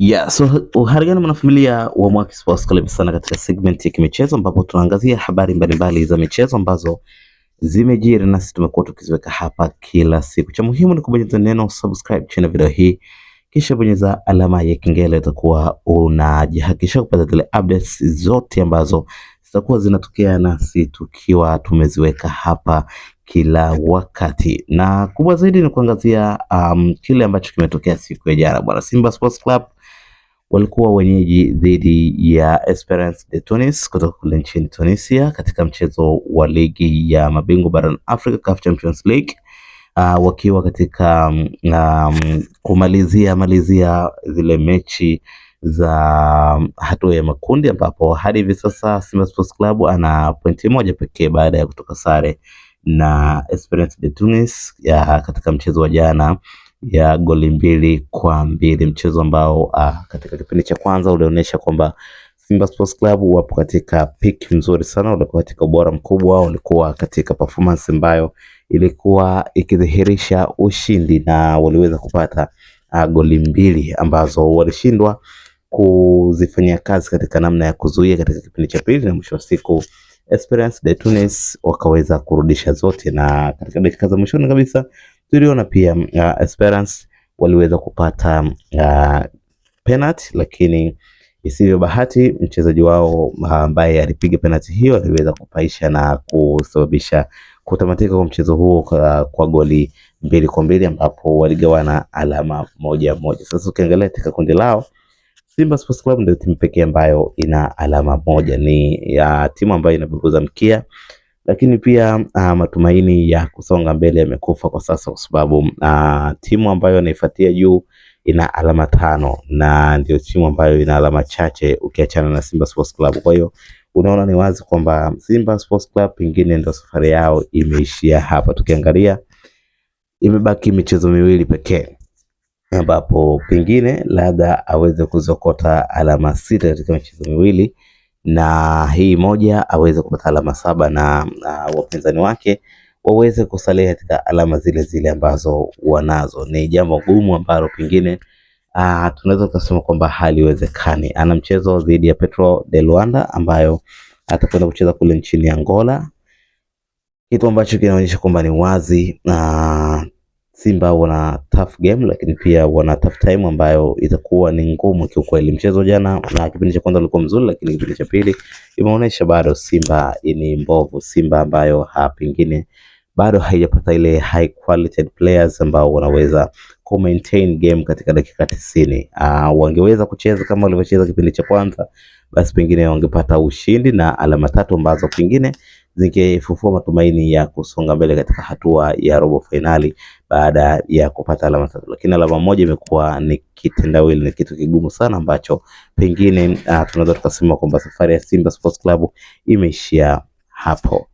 Yeah, so uhari gani mwanafamilia wa Mwaki Sports, karibu sana katika segment ya kimichezo ambapo tunaangazia habari mbalimbali za michezo ambazo zimejiri na nasi tumekuwa tukiziweka hapa kila siku. Cha muhimu ni kubonyeza neno subscribe chini ya video hii, kisha bonyeza alama ya kengele, utakuwa unajihakikisha kupata zile updates zote ambazo zitakuwa zinatokea nasi tukiwa tumeziweka hapa kila wakati, na kubwa zaidi ni kuangazia um, kile ambacho kimetokea siku ya jana. Bwana Simba Sports Club walikuwa wenyeji dhidi ya Esperance de Tunis kutoka kule nchini Tunisia katika mchezo wa ligi ya mabingwa barani Afrika CAF Champions League. Uh, wakiwa katika um, kumalizia malizia zile mechi za mm, hatua ya makundi ambapo hadi hivi sasa Simba Sports Club ana pointi moja pekee baada ya kutoka sare na Esperance de Tunis ya ah, katika mchezo wa jana ya goli mbili kwa mbili, mchezo ambao uh, katika kipindi cha kwanza ulionyesha kwamba Simba Sports Club wapo katika peak nzuri sana, walikuwa katika ubora mkubwa, walikuwa katika performance ambayo ilikuwa ikidhihirisha ushindi na waliweza kupata uh, goli mbili ambazo walishindwa kuzifanyia kazi katika namna ya kuzuia katika kipindi cha pili, na mwisho wa siku Esperance de Tunis wakaweza kurudisha zote, na katika dakika za mwishoni kabisa Tuliona pia uh, Esperance waliweza kupata uh, penalty lakini isivyo bahati mchezaji wao uh, ambaye alipiga penalty hiyo aliweza kupaisha na kusababisha kutamatika kwa mchezo huo kwa, uh, kwa goli mbili kwa mbili ambapo waligawana alama moja moja. Sasa ukiangalia katika kundi lao Simba Sports Club ndio timu pekee ambayo ina alama moja, ni ya uh, timu ambayo inabuguza mkia lakini pia uh, matumaini ya kusonga mbele yamekufa kwa sasa, kwa sababu uh, timu ambayo anaifuatia juu ina alama tano na ndio timu ambayo ina alama chache ukiachana na Simba Sports Club. Kwa hiyo unaona ni wazi kwamba Simba Sports Club pengine ndio safari yao imeishia hapa. Tukiangalia imebaki michezo miwili pekee ambapo pengine labda aweze kuzokota alama sita katika michezo miwili na hii moja aweze kupata alama saba na, na wapinzani wake waweze kusalia katika alama zile zile ambazo wanazo. Ni jambo gumu ambalo pengine uh, tunaweza tukasema kwamba haliwezekani. Ana mchezo dhidi ya Petro de Luanda ambayo atakwenda kucheza kule nchini Angola, kitu ambacho kinaonyesha kwamba ni wazi uh, Simba wana tough game, lakini pia wana tough time ambayo itakuwa ni ngumu kiukweli. Mchezo jana na kipindi cha kwanza ulikuwa mzuri, lakini kipindi cha pili imeonyesha bado Simba ni mbovu, Simba ambayo ha, pengine bado haijapata ile high quality players ambao wanaweza ku maintain game katika dakika tisini. Uh, wangeweza kucheza kama walivyocheza kipindi cha kwanza, basi pengine wangepata ushindi na alama tatu ambazo pengine zikifufua matumaini ya kusonga mbele katika hatua ya robo fainali baada ya kupata alama tatu, lakini alama moja imekuwa ni kitendawili, ni kitu kigumu sana ambacho pengine uh, tunaweza tukasema kwamba safari ya Simba Sports Club imeishia hapo.